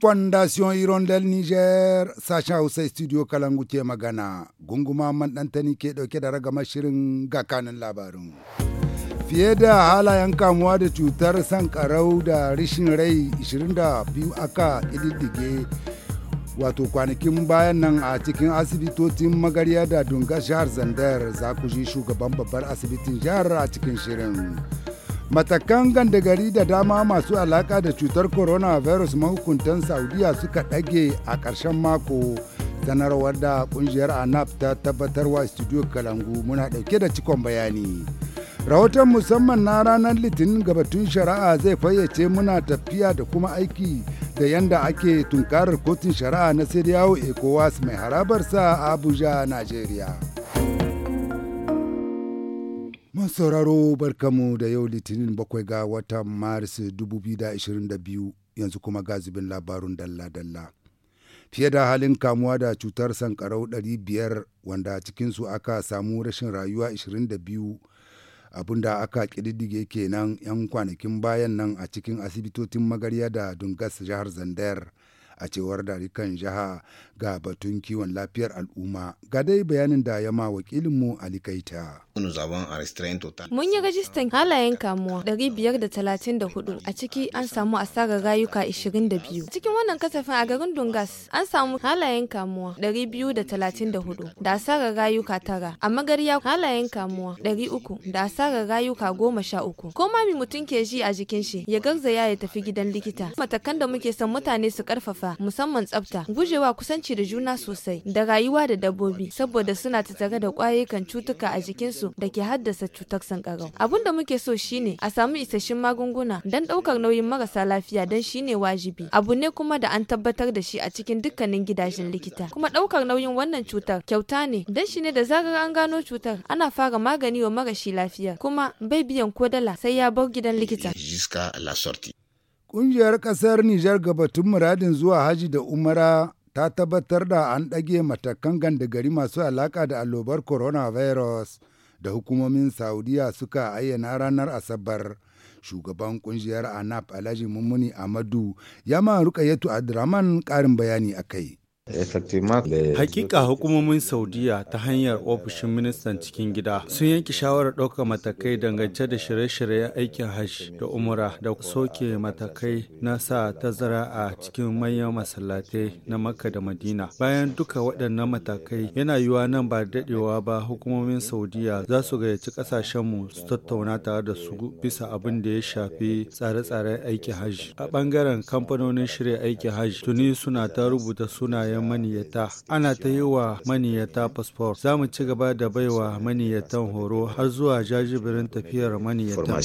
fondation irondel niger sacha hausa studio kalangu ke magana gunguma man dantani ke ɗauke da ragama shirin ga kanin labarin fiye da halayen kamuwa da cutar sankarau da rishin rai 22 aka ƙididdige wato kwanakin bayan nan a cikin asibitocin magarya da dunga jihar zandar za ku ji shugaban babbar asibitin jihar a cikin shirin matakan gandagari da dama masu alaka da cutar corona coronavirus mahukuntan saudiya suka ɗage a ƙarshen mako sanarwar da kungiyar anap ta tabbatarwa studio kalangu muna ɗauke da cikon bayani rahoton musamman na ranar litinin gabatun shari'a zai fayyace muna tafiya da kuma aiki da yanda ake tunkarar kotun shari'a na siriyawo ecowas mai harabarsa a abuja nigeria mun sauraro barkamu da yau litinin bakwai ga watan maris 2022 yanzu kuma gazibin labarun dalla-dalla fiye da halin kamuwa da cutar sankarau 500 wanda cikinsu aka samu rashin rayuwa 22 da aka ƙididdige kenan 'yan kwanakin bayan nan a cikin asibitocin magarya da dungas jihar zander a cewar darikan jiha ga batun kiwon lafiyar al'umma ga dai bayanin da ya ma wakilinmu ali kaita Mun yi rajistan halayen kamuwa 534 a ciki an samu asarar rayuka 22. Cikin wannan kasafin a garin Dungas an samu halayen kamuwa 234 da asarar rayuka tara. A magarya halayen kamuwa 300 da asarar rayuka 13. Ko ma mutum ke ji a jikin shi ya garzaya ya tafi gidan likita. Matakan da muke son mutane su karfafa musamman tsafta, gujewa kusanci da juna sosai da rayuwa da dabbobi saboda suna tattare da kwayoyin cutuka a jikinsu su da ke haddasa cutar sankarau. Abun da muke so shine a samu isasshen magunguna don ɗaukar nauyin marasa lafiya don shine wajibi. Abu ne kuma da an tabbatar da shi a cikin dukkanin gidajen likita. Kuma ɗaukar nauyin wannan cutar kyauta ne don shine da zarar an gano cutar ana fara magani wa marashi lafiya kuma bai biyan ko dala sai ya bar gidan likita. Ƙungiyar ƙasar Nijar gabatun muradin zuwa haji da umara ta tabbatar da an ɗage matakan gandagari masu alaƙa da allobar coronavirus. da hukumomin saudiya suka ayyana ranar asabar shugaban kungiyar anap alhaji mummuni amadu ya ma rukayetu abdurrahman karin bayani a kai Hakika hukumomin Saudiya ta hanyar ofishin ministan cikin gida sun yanke shawarar ɗaukar matakai dangance da shirye-shiryen aikin hajj da umura da soke matakai na sa tazara a cikin manyan masallatai na Makka da Madina. Bayan duka waɗannan matakai yana yiwuwa nan ba daɗewa ba hukumomin Saudiya za su gayyaci ƙasashenmu su tattauna tare da su bisa abin da ya shafi tsare-tsaren aikin hajji. A ɓangaren kamfanonin shirya aikin hajj tuni suna ta rubuta sunayen maniyata ana ta yi wa maniyata fasfor za mu ci gaba da baiwa maniyatan horo har zuwa jajibirin tafiyar maniyyata.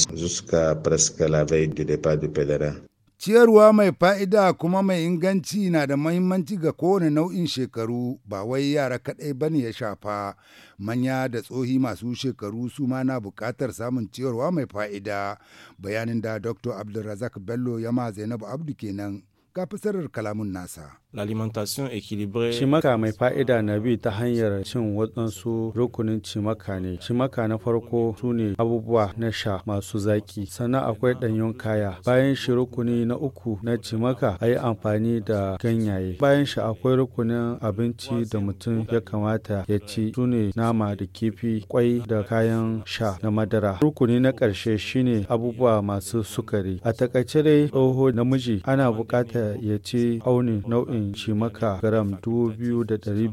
Ciyarwa mai fa'ida kuma mai inganci na da mahimmanci ga kowane nau'in shekaru ba wai yara kaɗai ba ne ya shafa manya da tsohi masu shekaru su ma na buƙatar samun ciyarwa mai fa'ida bayanin da Dr. Abdulrazak Bello ya ma Zainabu Abdu kenan ga fasarar kalamun nasa. l'alimentation équilibrée. Cimaka mai fa'ida na bi ta hanyar cin waɗansu rukunin cimaka ne. Cimaka na farko su ne abubuwa na sha masu zaki, sannan akwai ɗanyun kaya. Bayan shi rukuni na uku na cimaka a yi amfani da ganyaye. Bayan shi akwai rukunin abinci da mutum ya kamata ya ci su ne nama da kifi, kwai da kayan sha na madara. Rukuni na ƙarshe shine abubuwa masu sukari. A takaice dai tsoho namiji ana bukata ya ci auni nau'in yawan cimaka gram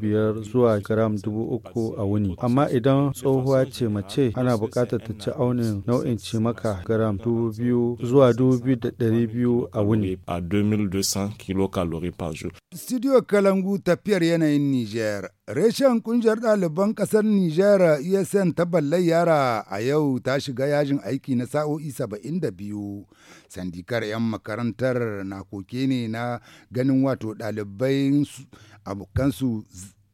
biyar zuwa gram uku a wuni. Amma idan tsohuwa ce mace ana buƙatar ta ci aunin nau'in cimaka gram biyu zuwa 2,200 a wuni. A 2200 kilocalories par jour. Studio Kalangu tafiyar yanayin Niger. Reshen kungiyar ɗaliban ƙasar Nijar ESN ta ballai yara a yau ta shiga yajin aiki na sa'o'i saba'in da biyu Sandikar 'yan makarantar na koke ne na ganin wato ɗalibai abokansu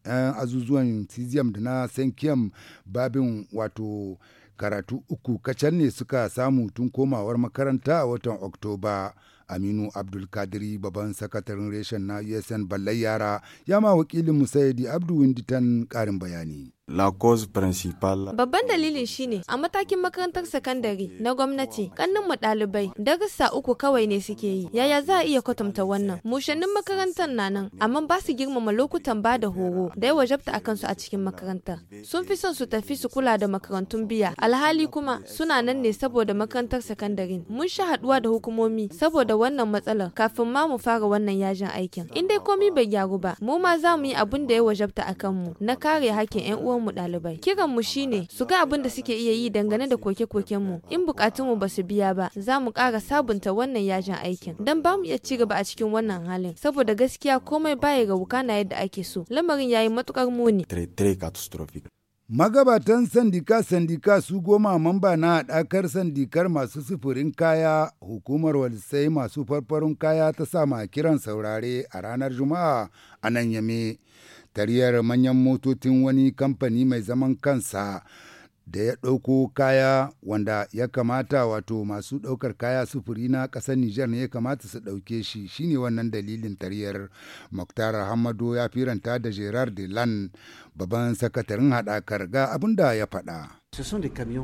'yan azuzuwan Cesium da na Sankiyam babin wato karatu uku kacal ne suka samu tun komawar makaranta a watan Oktoba. aminu abdulkadiri babban sakataren reshen na usn e ballai yara ya ma wakilin musayidi abdu winditan karin bayani La cause principale. Babban dalilin shine a matakin makarantar sakandare na gwamnati kannin mu ɗalibai darussa uku kawai ne suke yi. Yaya za a iya kwatanta wannan? Mushannin makarantar na nan amma ba su girmama lokutan ba da horo da yawa jabta a kansu a cikin makarantar. Sun fi son su tafi su kula da makarantun biya. Alhali kuma suna nan ne saboda makarantar sakandare. Mun sha haɗuwa da hukumomi saboda wannan matsalar kafin ma mu fara wannan yajin aikin. In dai komi bai gyaru ba, mu ma za mu yi abin da ya wajabta a kanmu na kare hakkin 'yan uwan mu ɗalibai. Kiran mu shine su ga abin da suke iya yi dangane da koke-koken mu. In bukatun mu basu biya ba, za mu kara sabunta wannan yajin aikin. Dan ba mu iya ci gaba a cikin wannan halin, saboda gaskiya komai baya ga na yadda ake so. Lamarin yayi matukar muni. Magabatan sandika sandika su goma mamba na haɗakar sandikar masu sufurin kaya hukumar walisai masu farfarin kaya ta sama kiran saurare a ranar Juma'a a nan yame. tariyar manyan motocin wani kamfani mai zaman kansa da ya ɗauko kaya wanda ya kamata wato masu ɗaukar kaya sufuri na ƙasar Nijar ne ya kamata su ɗauke shi shine wannan dalilin tariyar Muktar Hamadu ya firanta da Gerard Delan babban sakatarin haɗakar ga abin da ya faɗa.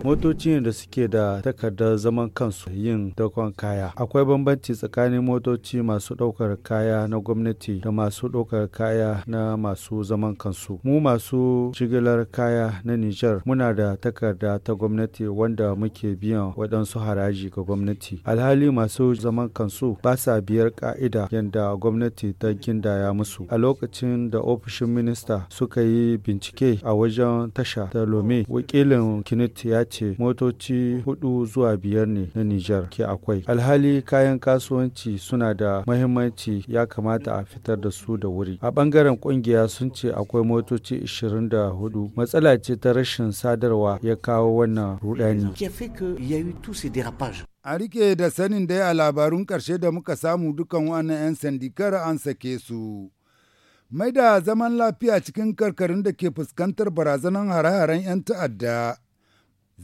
Motoci da suke da takardar zaman kansu yin dakon kaya. Akwai bambanci tsakanin motoci masu ɗaukar kaya na gwamnati da masu ɗaukar kaya na masu zaman kansu. Mu masu jigilar kaya na Nijar muna da takarda ta gwamnati wanda muke biyan waɗansu haraji ga gwamnati. Alhali masu zaman kansu ba sa biyar ka'ida yadda gwamnati ta gindaya musu. A lokacin da ofishin minista suka yi bincike a wajen tasha ta Lome, wakilin John ya ce motoci hudu zuwa biyar ne na Nijar ke akwai. Alhali kayan kasuwanci suna da mahimmanci ya kamata a fitar da su da wuri. A bangaren kungiya sun ce akwai motoci 24 matsala ce ta rashin sadarwa ya kawo wannan rudani. A rike da sanin dai a labarun karshe da muka samu dukan wannan 'yan sandikar an sake su. Mai da zaman lafiya cikin karkarin da ke fuskantar barazanar hare-haren 'yan ta'adda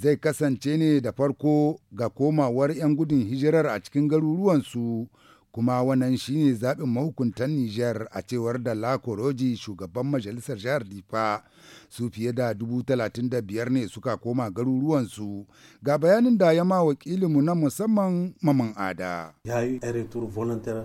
zai kasance ne da farko ga komawar 'yan gudun hijirar a cikin garuruwansu kuma wannan shine zaɓin mahukuntan Nijar a cewar da Lakoroji shugaban majalisar jihar Difa su fiye da dubu talatin da biyar ne suka koma garuruwansu ga bayanin da ya ma wakilinmu na musamman maman ada.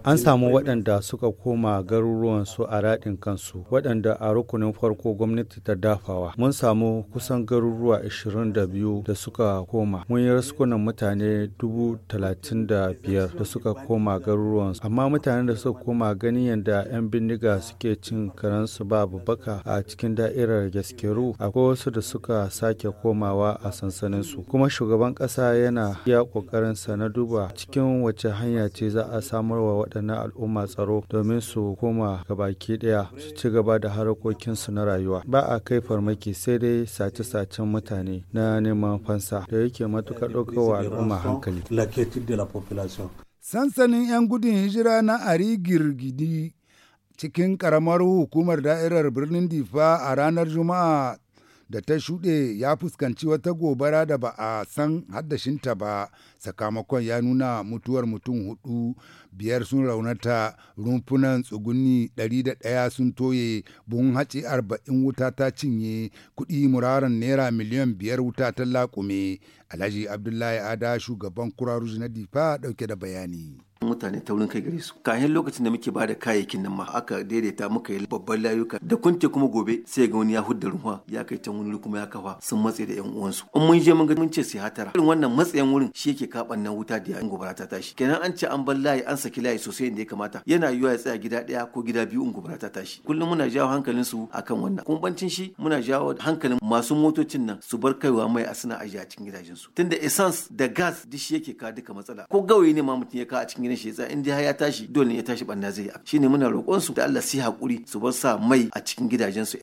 An samu waɗanda suka koma garuruwansu a raɗin kansu waɗanda a rukunin farko gwamnati ta dafawa. Mun samu kusan garuruwa 22 da suka koma. Mun yi raskunan mutane dubu talatin da biyar da suka koma garuruwa ruwan amma mutanen da suka koma ganin yadda 'yan bindiga suke cin karansu ba babbaka a cikin da'irar gaskeru akwai wasu da suka sake komawa a sansaninsu kuma shugaban ƙasa yana iya sa na duba cikin wace hanya ce za a samar wa waɗannan al'umma tsaro domin su koma gabaki ɗaya su ci gaba da harkokinsu na rayuwa ba a kai farmaki sai dai sace-sacen mutane na neman fansa da yake matuƙar wa al'umma hankali population Sansanin 'yan gudun hijira na Arigirgidi cikin karamar hukumar da'irar birnin Difa a ranar Juma'a da ta shuɗe ya fuskanci wata gobara da ba a san haddashinta ba sakamakon ya nuna mutuwar mutum hudu biyar sun raunata rumfunan tsuguni 101 sun toye buhun haci arba'in wuta ta cinye kuɗi muraran naira miliyan biyar wuta ta laƙume alhaji abdullahi ada shugaban kuraruzi na difa ɗauke da bayani mutane taurin kai gare su kayan lokacin da muke ba da kayayyakin nan ma aka daidaita muka yi babban layuka da kunte kuma gobe sai ga wani ya hudda ruwa ya kai can wani kuma ya kafa sun matse da yan uwansu in mun je mun mun ce sai hatara irin wannan matsayin wurin shi yake kaɓan nan wuta da in gobara ta tashi kenan an ce an bar layi an saki layi sosai inda ya kamata yana yiwuwa ya tsaya gida ɗaya ko gida biyu in gobara ta tashi kullum muna jawo hankalin su akan wannan kuma bancin shi muna jawo hankalin masu motocin nan su bar kaiwa mai a suna ajiya a cikin gidajen su tunda essence da gas duk shi yake ka duka matsala ko gawayi ne ma mutum ya ka a cikin gidan shi ya tsaya inda ya tashi dole ne ya tashi banna zai yi shine muna roƙon su da Allah su yi hakuri su bar sa mai a cikin gidajen su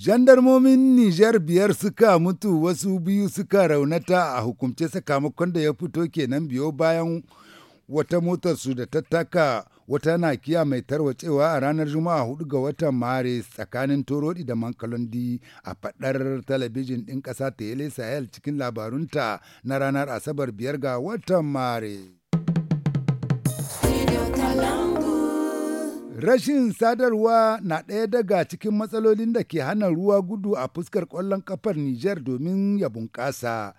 Jandarmomin Nijar biyar suka mutu wasu biyu suka raunata a hukumce sakamakon da ya fito kenan biyo bayan wata motarsu da ta taka wata nakiya mai tarwacewa a ranar Juma'a 4 ga watan Maris tsakanin Torodi da Mankalondi a fadar talabijin ɗin ƙasa ta Yele Sahel cikin labarunta na ranar Asabar biyar ga watan Maris. Rashin sadarwa na ɗaya daga cikin matsalolin da ke hana ruwa gudu a fuskar ƙwallon ƙafar Nijar domin ya bunƙasa.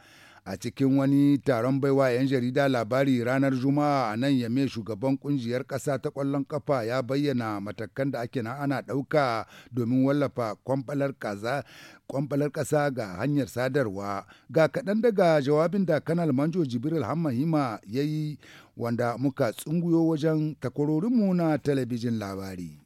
a cikin wani taron baiwa 'yan jarida labari ranar juma'a a nan yame shugaban kungiyar ƙasa ta ƙwallon ƙafa ya bayyana matakan da ake na ana ɗauka domin wallafa kwamfalar ƙasa ga hanyar sadarwa ga kaɗan daga jawabin da kanal manjo jibril hammahima ya yi wanda muka tsunguyo wajen takwarorinmu na talabijin labari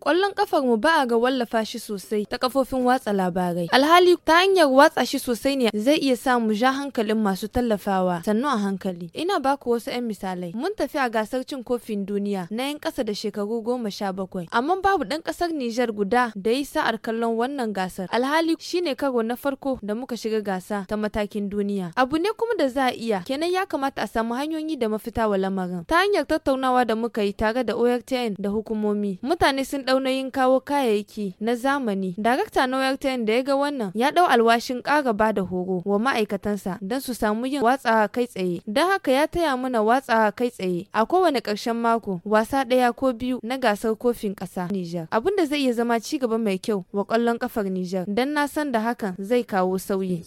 Ƙwallon ƙafar mu ba a ga wallafa shi sosai ta kafofin watsa labarai. Alhali ta hanyar watsa shi sosai ne zai iya sa mu ja hankalin masu tallafawa sannu a hankali. Ina ba ku wasu 'yan misalai. Mun tafi a gasar cin kofin duniya na 'yan ƙasa da shekaru goma sha bakwai. Amma babu ɗan ƙasar Nijar guda da yi sa'ar kallon wannan gasar. Alhali shine karo na farko da muka shiga gasa ta matakin duniya. Abu ne kuma da za a iya kenan ya kamata a samu hanyoyi da mafita wa lamarin. Ta hanyar tattaunawa da muka yi tare da ORTN da hukumar hukumomi mutane sun ɗau nauyin kawo kayayyaki na zamani darakta na wayar da ya ga wannan ya ɗau alwashin ƙara ba da horo wa ma'aikatansa don su samu yin watsa kai tsaye don haka ya taya mana watsa kai tsaye a kowane ƙarshen mako wasa ɗaya ko biyu na gasar kofin ƙasa Nijar abin da zai iya zama ci gaba mai kyau wa kwallon ƙafar Nijar don na san da hakan zai kawo sauyi.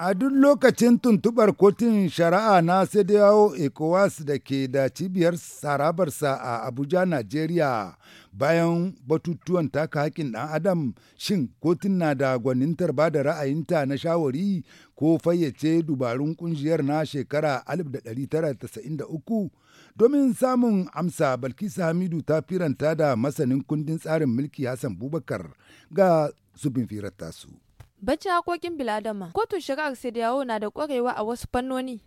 A duk lokacin tuntuɓar kotun shari'a na Sadiyawo ECOWAS da ke da cibiyar sarabarsa a Abuja, Najeriya bayan batutuwan taka haƙƙin ɗan Adam shin kotun na da gwanintar ba da ra'ayinta na shawari ko fayyace dubarun ƙungiyar na shekara 1993 domin samun amsa Balkisa Hamidu ta firanta da masanin kundin tsarin mulki Hassan Bubakar ga zubin firar tasu. Bacci hakokin biladama, kotun shari'ar Sidiyawo na da kwarewa a wasu fannoni.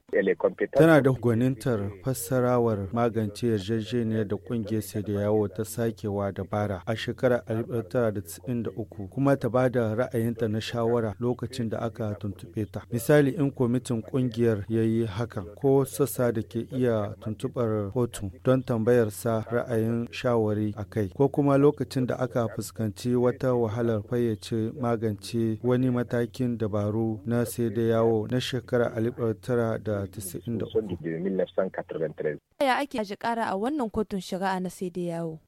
Tana da gwanintar fassarawar magance yarjejeniyar da ƙungiyar Sidiyawo ta sakewa da bara a shekarar 1993 kuma ta ba da ra'ayinta na shawara lokacin da aka tuntuɓe ta. Misali in kwamitin ƙungiyar ya yi hakan ko sassa da ke iya tuntuɓar kotu don tambayarsa ra'ayin shawari a kai ko kuma lokacin da aka fuskanci wata wahalar fayyace magance wani wani matakin dabaru na sai da yawo na shekarar 1993. ya ake aji kara a wannan kotun shari'a na sai da yawo?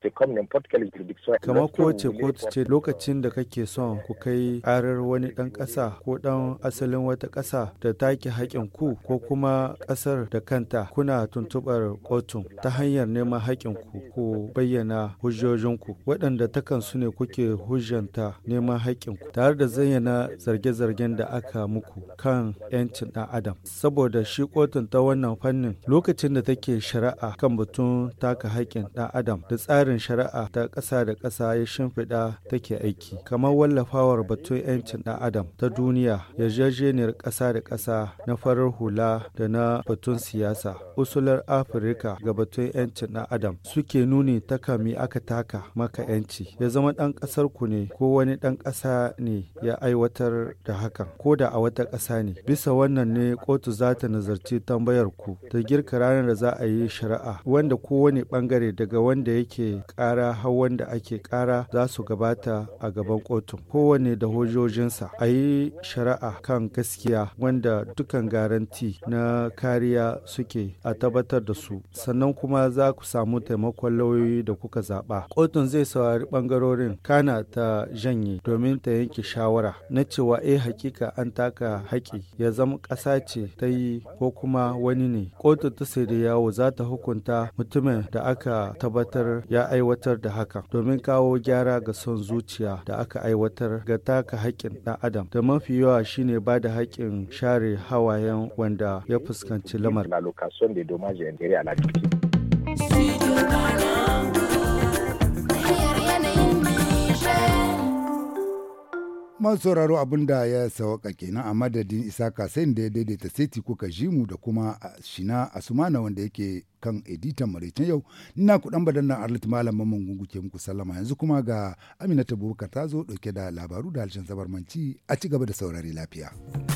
Kama kowace kotu ce lokacin da kake son ku kai arar wani ɗan ƙasa ko ɗan asalin wata ƙasa da take haƙƙin ku ko kuma ƙasar da kanta kuna tuntuɓar kotun ta hanyar neman haƙƙin ku ko bayyana hujjojinku waɗanda takan su ne kuke hujjanta neman haƙƙin ku tare da zayyana zarge-zargen da aka muku kan 'yancin ɗan adam saboda shi kotun ta wannan fannin lokacin da take shari'a kan batun taka haƙƙin ɗan adam da tsarin shari'a ta ƙasa da ƙasa ya shimfiɗa take aiki kamar wallafawar batun 'yancin ɗan adam ta duniya yarjejeniyar ƙasa da ƙasa na farar hula da na batun siyasa usular afirka ga batun 'yancin ɗan adam suke nuni ta kami aka taka maka 'yanci ya zama ɗan ƙasar ku ne ko wani ɗan ƙasa ne ya aiwata tabbatar da hakan ko da a wata ƙasa ne bisa wannan ne kotu za ta nazarci tambayar ku ta girka ranar da za a yi shari'a wanda kowane bangare daga wanda yake ƙara har wanda ake kara za su gabata a gaban kotun kowane da hujojinsa a yi shari'a kan gaskiya wanda dukan garanti na kariya suke a tabbatar da su sannan kuma za ku samu taimakon lauyoyi da kuka zaɓa kotun zai saurari bangarorin kana ta janye domin ta yanke shawara na cewa eh hakika an taka haƙi ya zama ƙasa ce ta yi ko kuma wani ne kotu ta da yawo za ta hukunta mutumin da aka tabbatar ya aiwatar da haka domin kawo gyara ga son zuciya da aka aiwatar ga taka haƙin ɗan adam da mafi yawa shine ba da haƙƙin share hawayen wanda ya fuskanci lamar. masu sauraro abin da ya sawaka kenan a madadin isaka sai da ya daidaita seti kuka ji mu da kuma shina asumana wanda yake kan editan maraicin yau ina kudan badan nan arlit malam mamman gungu ke muku sallama yanzu kuma ga aminata bubakar ta zo dauke da labaru da harshen sabarmanci a ci gaba da saurari lafiya.